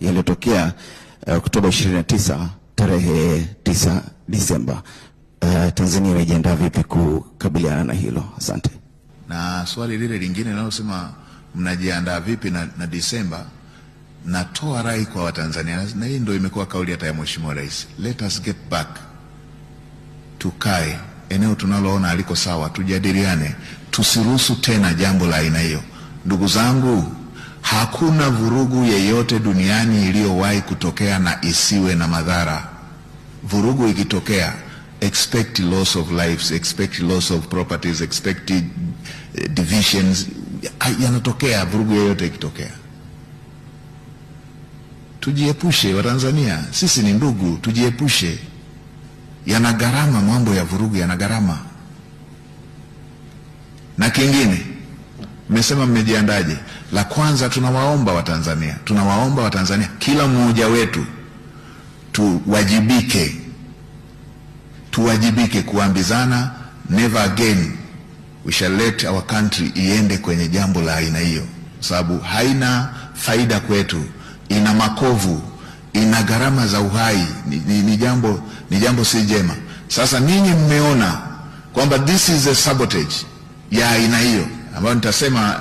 yaliyotokea uh, Oktoba 29 tarehe 9 Disemba. Uh, Tanzania imejiandaa vipi kukabiliana na hilo? Asante. Na swali lile lingine linalosema mnajiandaa vipi na, na Disemba, natoa rai kwa Watanzania, na hii ndio imekuwa kauli hata ya Mheshimiwa Rais, let us get back, tukae eneo tunaloona aliko sawa, tujadiliane, tusiruhusu tena jambo la aina hiyo, ndugu zangu. Hakuna vurugu yeyote duniani iliyowahi kutokea na isiwe na madhara. Vurugu ikitokea, expect loss of lives, expect loss of properties, expect eh, divisions. Yanatokea vurugu yeyote ikitokea. Tujiepushe Watanzania, sisi ni ndugu, tujiepushe. Yana gharama, mambo ya vurugu yana gharama. Na kingine Mmesema mmejiandaje? La kwanza tunawaomba Watanzania, tunawaomba Watanzania, kila mmoja wetu tuwajibike, tuwajibike kuambizana never again we shall let our country iende kwenye jambo la aina hiyo, kwa sababu haina faida kwetu, ina makovu, ina gharama za uhai, ni, ni, ni jambo, ni jambo si jema. Sasa ninyi mmeona kwamba this is a sabotage ya aina hiyo ambayo nitasema